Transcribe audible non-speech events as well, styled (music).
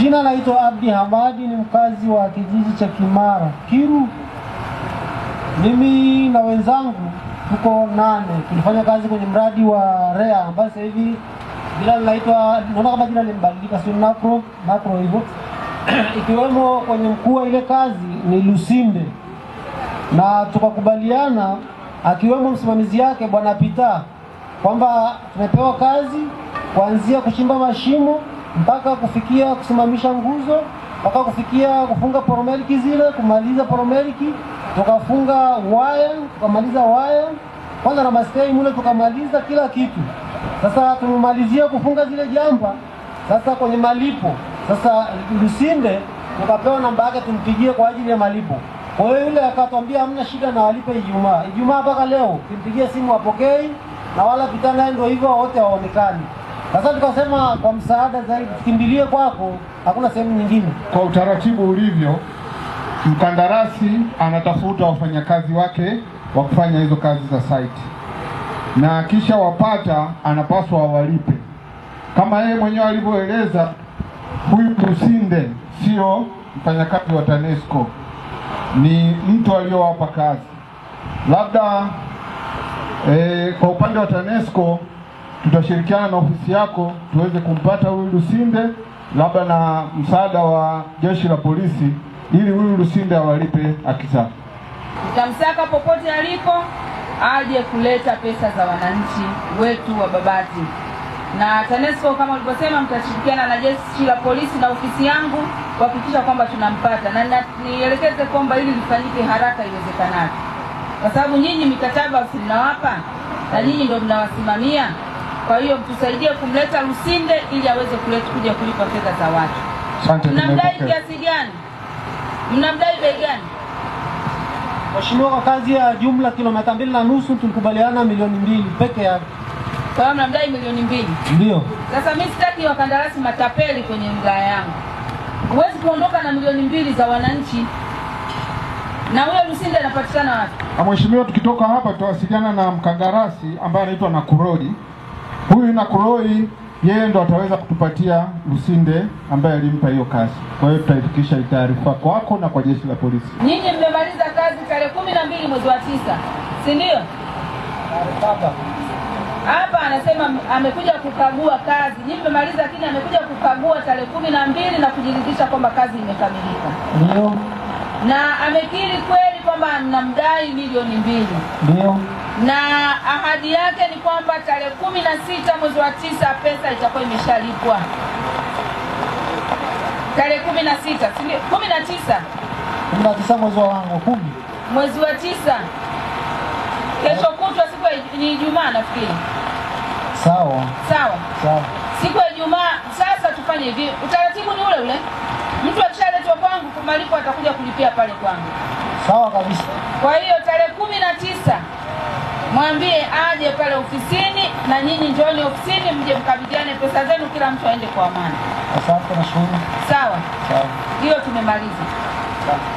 Jina laitwa Abdi Hamadi, ni mkazi wa kijiji cha Kimara Kiru. Mimi na wenzangu tuko nane, tulifanya kazi kwenye mradi wa REA ambayo sasa hivi jina linaitwa, naona kama jina limebadilika, si Nakro Nakro hivyo (clears throat) ikiwemo kwenye mkuu wa ile kazi ni Lusinde, na tukakubaliana akiwemo msimamizi yake Bwana Pita kwamba tumepewa kazi kuanzia kuchimba mashimo mpaka kufikia kusimamisha nguzo mpaka kufikia kufunga poromeliki zile, kumaliza poromeliki, tukafunga waya, tukamaliza waya kwanza na maskei mule, tukamaliza kila kitu. Sasa tumemalizia kufunga zile jamba. Sasa kwenye malipo, sasa Lusinde tukapewa namba yake tumpigie kwa ajili ya malipo. Kwa hiyo yule akatwambia hamna shida na walipe Ijumaa. Ijumaa mpaka leo kimpigia simu apokei, na wala vitana ndio hivyo wote hawaonekani. Sasa tukasema kwa msaada zaidi kimbilie kwako, hakuna sehemu nyingine. Kwa utaratibu ulivyo, mkandarasi anatafuta wafanyakazi wake wa kufanya hizo kazi za site, na kisha wapata anapaswa awalipe kama yeye mwenyewe alivyoeleza. Huyu Lusinde sio mfanyakazi wa TANESCO, ni mtu aliyowapa kazi labda. E, kwa upande wa TANESCO tutashirikiana na ofisi yako tuweze kumpata huyu Lusinde, labda na msaada wa jeshi la polisi, ili huyu Lusinde awalipe haki zake. Tutamsaka popote alipo aje kuleta pesa za wananchi wetu wa Babati na TANESCO kama ulivyosema, mtashirikiana na jeshi la polisi na ofisi yangu kuhakikisha kwamba tunampata, na nielekeze kwamba hili lifanyike haraka iwezekanavyo, kwa sababu nyinyi mikataba msinawapa na nyinyi ndio mnawasimamia. Kwa hiyo mtusaidie kumleta Lusinde ili aweze kuleta kuja kulipa fedha za watu. Asante. Mnamdai kiasi gani? Mnamdai bei gani? Mheshimiwa, kwa kazi ya jumla kilomita mbili na nusu tulikubaliana milioni mbili peke yake. Kwa hiyo mnamdai milioni mbili? Ndio. Sasa mimi sitaki wakandarasi matapeli kwenye wilaya yangu. Huwezi kuondoka na milioni mbili za wananchi na huyo Lusinde anapatikana wapi? Mheshimiwa, tukitoka hapa tutawasiliana na mkandarasi ambaye anaitwa Nakurodi. Huyu na kuroi yeye ndo ataweza kutupatia Lusinde ambaye alimpa hiyo kazi. Kwa hiyo tutaifikisha taarifa kwako na kwa jeshi la polisi. Nyinyi mmemaliza kazi tarehe kumi na mbili mwezi wa tisa, si ndio? Hapa anasema amekuja kukagua kazi. Nyinyi mmemaliza, lakini amekuja kukagua tarehe kumi na mbili na kujiridhisha kwamba kazi imekamilika, ndio, na amekiri kweli kwamba mnamdai milioni mbili, ndio na ahadi yake ni kwamba tarehe kumi na sita mwezi wa tisa pesa itakuwa imeshalipwa tarehe kumi na sita kumi na tisa kumi na tisa mwezi wa wangu kumi mwezi wa tisa kesho kutwa siku ni Ijumaa nafikiri. Sawa sawa sawa, siku ya Ijumaa. Sasa tufanye hivi, utaratibu ni ule ule, mtu akishaletwa kwangu, kumalipo atakuja kulipia pale kwangu. Sawa kabisa. Kwa hiyo mwambie aje pale ofisini, na nyinyi njoni ofisini, mje mkabidhiane pesa zenu, kila mtu aende kwa amani. Asante, nashukuru. Sawa, sawa, hiyo tumemaliza.